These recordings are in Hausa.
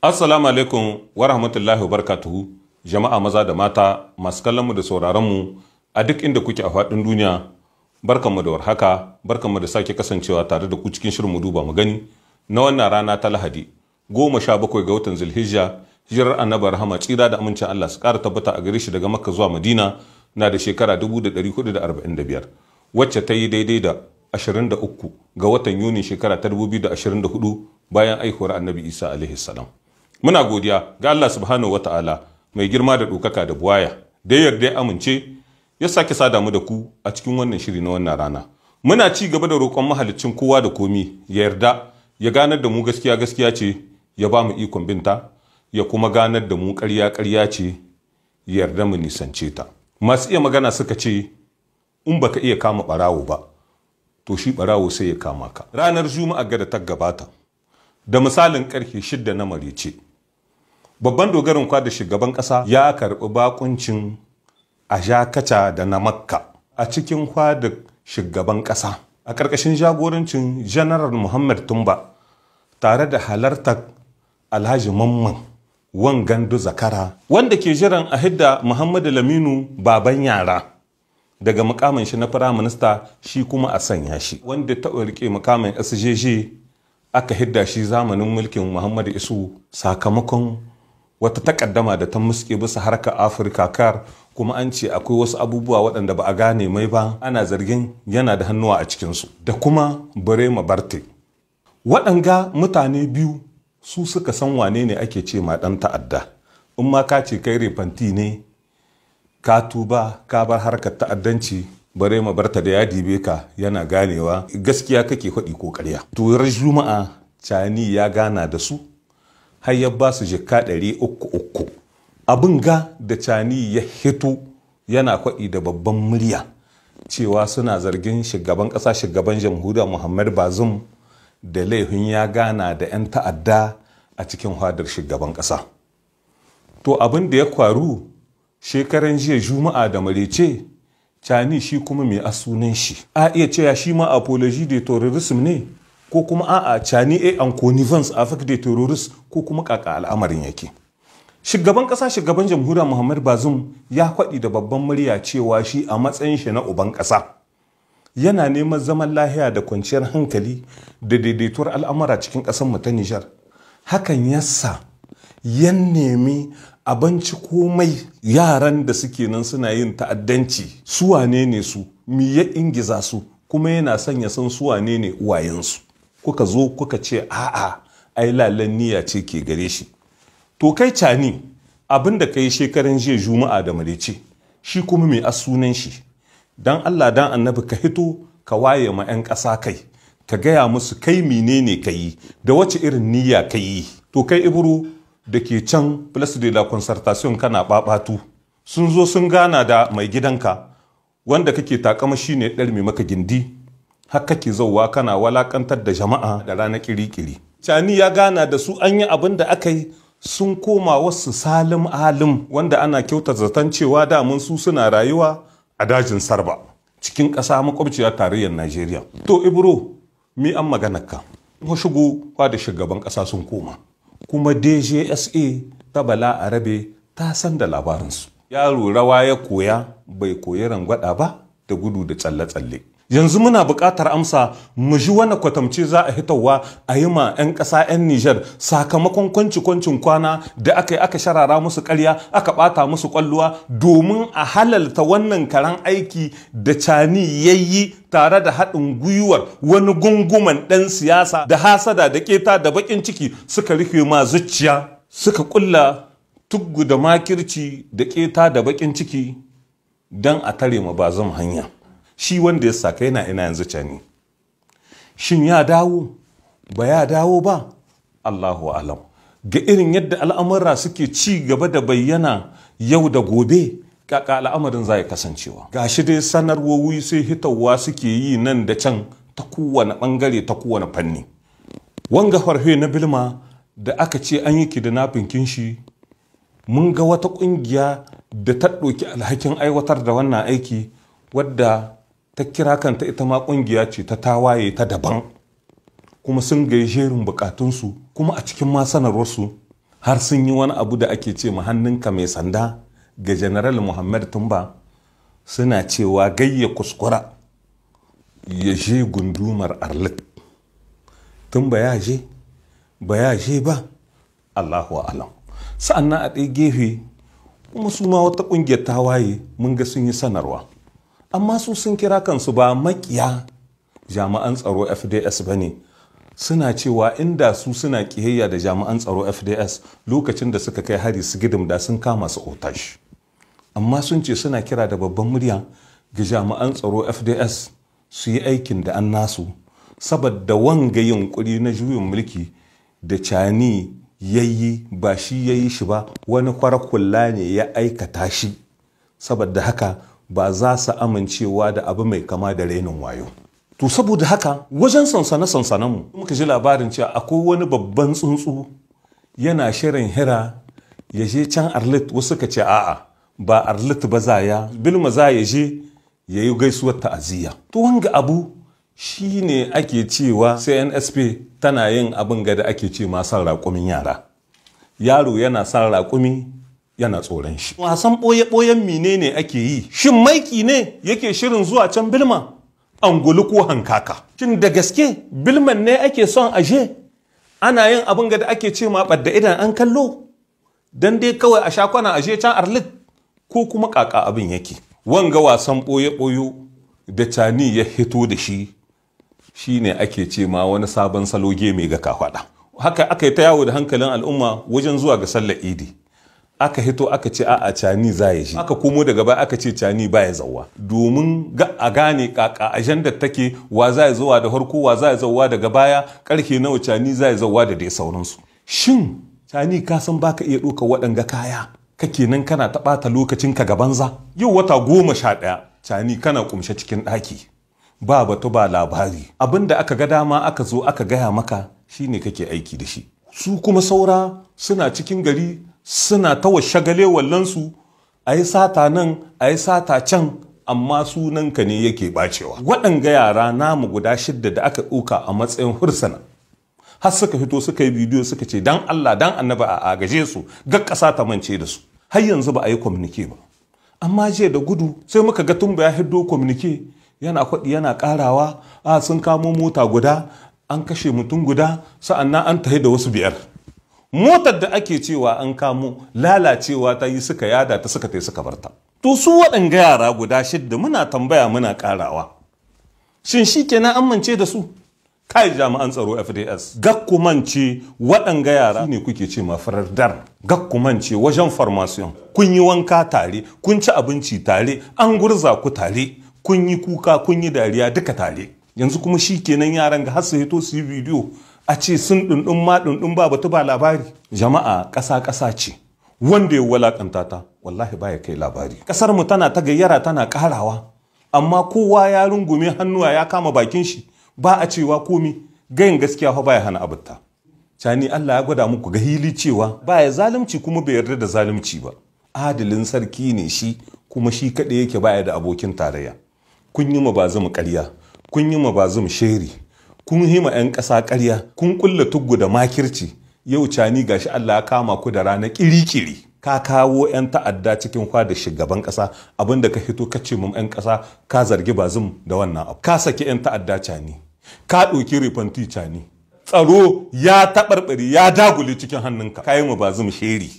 Assalamu alaikum wa rahmatullahi wa barakatuhu jama'a maza da mata masu kallonmu da sauraronmu a duk inda kuke a faɗin duniya barkanmu da warhaka barkanmu da sake kasancewa tare da ku cikin shirin mu duba mu gani na wannan rana ta Lahadi goma sha bakwai ga watan Zulhijja hijirar annabi rahama tsira da amincin Allah su ƙara tabbata a gare shi daga Makka zuwa Madina na da shekara biyar wacce ta yi daidai da 23 ga watan Yuni shekara ta 2024 bayan aihuwar annabi Isa alaihi salam muna godiya ga Allah subhanahu wata'ala mai girma da ɗaukaka da buwaya da ya yarda ya amince ya sake sada mu da ku a cikin wannan shiri na wannan rana muna ci gaba da roƙon mahalicin kowa da komi ya yarda ya ganar da mu gaskiya gaskiya ce ya ba mu ikon binta ya kuma ganar da mu ƙarya ƙarya ce ya yarda mu nisance ta masu iya magana suka ce in baka iya kama ɓarawo ba to shi ɓarawo sai ya kama ka ranar juma'a ga da ta gabata da misalin ƙarfe shidda na ce. babban dogarin kwa da shugaban ƙasa ya karɓi bakuncin a jakata da na makka a cikin kwa da shugaban ƙasa a ƙarƙashin jagorancin janaral muhammad tumba tare da halartar alhaji mamman wangandu zakara wanda ke jiran a hidda muhammadu laminu baban yara daga mukamin shi na Minista shi kuma a sanya shi wanda ta rike mukamin sjg aka hidda shi zamanin mulkin muhammadu isu sakamakon wata takaddama da ta muske bisa harkar afirka kar kuma an ce akwai wasu abubuwa waɗanda ba a gane mai ba ana zargin yana da hannuwa a cikinsu da kuma burema barte waɗanga mutane biyu su suka san wane ne ake ce ma ɗan ta'adda in ma ka ce kai refanti ne ka tuba ka bar harkar ta'addanci bare ma barta da ya dibe ka yana ganewa gaskiya kake faɗi ko karya. Turar juma'a cani ya gana da su har ya ba su jika ɗari uku uku abin ga da cani ya hito yana kwaɗi da babban murya cewa suna zargin shugaban ƙasa shugaban jamhuriya muhammad bazum da laifin ya gana da 'yan ta'adda a cikin hadar shugaban ƙasa to abin da ya kwaru shekaran jiya juma'a da marece cani shi kuma mai asunan shi a iya cewa shi ma apology de terrorism ne ko kuma a'a cani a an connivance avec des ko kuma kaka al'amarin yake shugaban kasa shugaban jamhuriyar muhammad bazum ya kwadi da babban murya cewa shi a matsayin shi na uban kasa yana neman zaman lahiya da kwanciyar hankali da daidaituwar al'amura cikin ƙasar mu ta nijar hakan yasa ya nemi abinci komai yaran da suke nan suna yin ta'addanci su wane ne su mi ya ingiza su kuma yana son ya san su wane ne uwayensu kuka zo kuka ce a'a ai lalan niyya ce ke gare shi to kai cani abin da kai shekaran jiya juma'a da marece shi kuma mai sunan shi dan Allah dan annabi ka hito ka waye ma 'yan ƙasa kai ka gaya musu kai menene ka yi da wace irin niyya ka yi to kai ibro da ke can place de la concertation kana ɓaɓatu. sun zo sun gana da mai gidanka wanda kake takama shine ɗar mai maka gindi har kake zauwa kana walakantar da jama'a da rana kirikiri cani ya gana da su an yi abin da aka yi sun koma wasu salim alim wanda ana kyauta zaton cewa damun su suna rayuwa a dajin sarba cikin ƙasa makwabciyar tarayyar najeriya to ibro mi an maganar ka shigo da shugaban ƙasa sun koma kuma djsa ta bala a rabe ta san da labarinsu yaro rawa ya koya bai koyi rangwada ba da gudu da tsalle-tsalle yanzu muna buƙatar amsa mu ji wani kwatamce za a hitowa a yi ma 'yan ƙasa 'yan Nijar sakamakon kwanci-kwancin kwana da aka yi aka sharara musu karya aka ɓata musu kwalluwa domin a halalta wannan karan aiki da cani yayi tare da haɗin gwiwar wani gunguman ɗan siyasa da hasada da keta da baƙin ciki suka rufe ma zuciya suka ƙulla tuggu da makirci da keta da baƙin ciki don a tare ma bazan hanya. shi wanda ya saka yana ina yanzu cani shin ya dawo ba ya dawo ba allahu alam ga irin yadda al'amura suke ci gaba da bayyana yau da gobe kaka al'amarin za a kasancewa ga shi dai sanarwowi sai hitawa suke yi nan da can ta kowane bangare ta kowane fanni wanga farfe na bilma da aka ce an yi kidnapping kin shi mun ga wata kungiya da ta ɗauki alhakin aiwatar da wannan aiki wadda ta kira kanta ita ma kungiya ce ta tawaye ta daban kuma sun gayi jerin bukatunsu kuma a cikin ma sanarwarsu har sun yi wani abu da ake ce ma hannunka mai sanda ga general muhammad tumba suna cewa gayya kuskura ya je gundumar arlit tumba ya je ba ya je ba allahu alam sa'annan a ɗaya gefe kuma su ma wata ƙungiyar ta waye mun ga sun yi sanarwa amma su sun kira kansu ba makiya jami'an tsaro fds ba ne suna cewa inda su suna kiyayya da jami'an tsaro fds lokacin da suka kai hari su gidim da sun kama su otash amma sun ce suna kira da babban murya ga jami'an tsaro fds su yi aikin da an nasu saboda wanga yunkuri na juyin mulki da cani yi ba shi ya yi shi ba wani kwarakulla ne ya aikata shi saboda haka ba za su amincewa da abu mai kama da rainin wayo to saboda haka wajen sansane sansanenmu muka ji labarin cewa akwai wani babban tsuntsu yana shirin hira ya je can arlit wasu ka ce a'a ba arlit ba za ya bilma za ya je ya yi gaisuwar ta'aziyya to wanga abu shi ne ake cewa cnsp tana yin abin ga da ake ce ma san raƙumin yara yaro yana san raƙumi yana tsoron shi wasan ɓoye-ɓoyen menene ake yi shin maiki ne yake shirin zuwa can bilma angulu ko hankaka shin da gaske bilman ne ake son aje ana yin abin da ake ce ma ɓadda idan an kallo dan dai kawai a sha kwana aje can arlit ko kuma ƙaƙa abin yake wanga wasan ɓoye-ɓoyo da cani ya hito da shi shine ake ce ma wani sabon salo mai ga kafaɗa haka aka yi ta yawo da hankalin al'umma wajen zuwa ga sallar idi aka hito aka ce a cani za ya shi aka komo daga baya aka ce cani ba ya zauwa domin a gane kaka ajandar take wa za ya zauwa da harko wa za ya zauwa daga baya karfe nawa cani za ya zauwa da dai sauransu shin cani ka san baka iya doka waɗanga kaya kake nan kana ta ɓata ka ga banza yau wata goma sha ɗaya cani kana kumshe cikin ɗaki ba batu ba labari abin da aka ga dama aka zo aka gaya maka shine kake aiki da shi su kuma saura suna cikin gari suna ta shagale wallansu a yi sata nan a yi sata can amma sunanka ne yake bacewa waɗanga yara namu guda shidda da aka ɗauka a matsayin hursana har suka fito suka yi bidiyo suka ce dan Allah dan annaba a agaje su ga ƙasa ta mance da su har yanzu ba a yi kwamnike ba amma jiya da gudu sai muka ga tun ya hiddo kwamnike yana kwaɗi yana ƙarawa a ah, sun kamo mota guda an kashe mutum guda sa'annan an tahi da wasu biyar motar da ake cewa an kamo lalacewa ta yi suka yada ta suka tai suka barta to su waɗanga yara guda shidda muna tambaya muna ƙarawa shin shi kenan amince da su kai jami'an tsaro fds gakkumance waɗanga yara ne kuke ce ma farar dar gakkumance wajen farmasiyon kun yi wanka tare kun ci abinci tare an gurza ku tare kun yi kuka kun yi dariya duka tare yanzu kuma shi kenan yaran ga har su hito su yi bidiyo a ce sun ɗunɗun ma ɗunɗun ba batu ba labari jama'a ƙasa ƙasa ce wanda ya walaƙanta ta wallahi baya kai labari ƙasar mu tana ta gayyara tana ƙarawa amma kowa ya rungume hannuwa ya kama bakin shi ba a cewa komi gayin gaskiya fa baya hana abutta cani Allah ya gwada muku ga hili cewa baya zalunci kuma bai yarda da zalunci ba adalin sarki ne shi kuma shi kaɗai yake baya da abokin tarayya kun yi ma ba zama ƙarya kun yi ma ba zama sheri kun hima 'yan ƙasa ƙarya kun kulla tuggu da makirci yau cani gashi Allah ya kama ku da rana kiri-kiri ka kawo 'yan ta'adda cikin da shugaban ƙasa abinda ka hito ka ce mun 'yan ƙasa ka zargi bazum da wannan abu ka saki 'yan ta'adda cani ka ɗauki rifanti cani tsaro ya taɓarɓari ya dagule cikin hannunka ka yi mu bazum sheri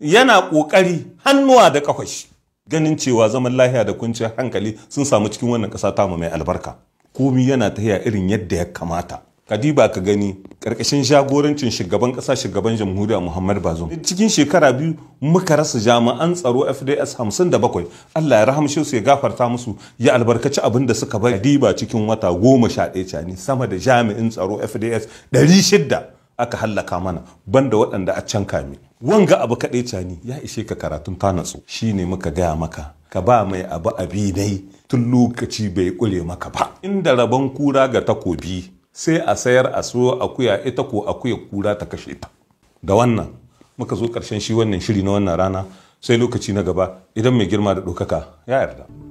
yana ƙoƙari hannuwa da ƙafashi ganin cewa zaman lahiya da kunciyar hankali sun samu cikin wannan ƙasa tamu mai albarka komi yana tahiya irin yadda ya kamata kadiba ka gani karkashin jagorancin shugaban kasa shugaban jamhuriya muhammad bazoum cikin shekara biyu muka rasa jami'an tsaro fds 57 allah ya rahamshe su ya gafarta musu ya albarkaci abin da suka bari kadiba cikin wata goma sha ɗaya cani sama da jami'in tsaro fds 600 aka hallaka mana banda waɗanda a can kame wanga abu kaɗai cani ya ishe ka karatun ta natsu shine muka gaya maka ka ba mai abu abinai tun lokaci bai ƙule maka ba inda rabon kura ga takobi sai a sayar a so akuya ita ko akuya kura ta kashe ta da wannan muka zo ƙarshen shi wannan shiri na wannan rana sai lokaci na gaba idan mai girma da ɗaukaka ya yarda.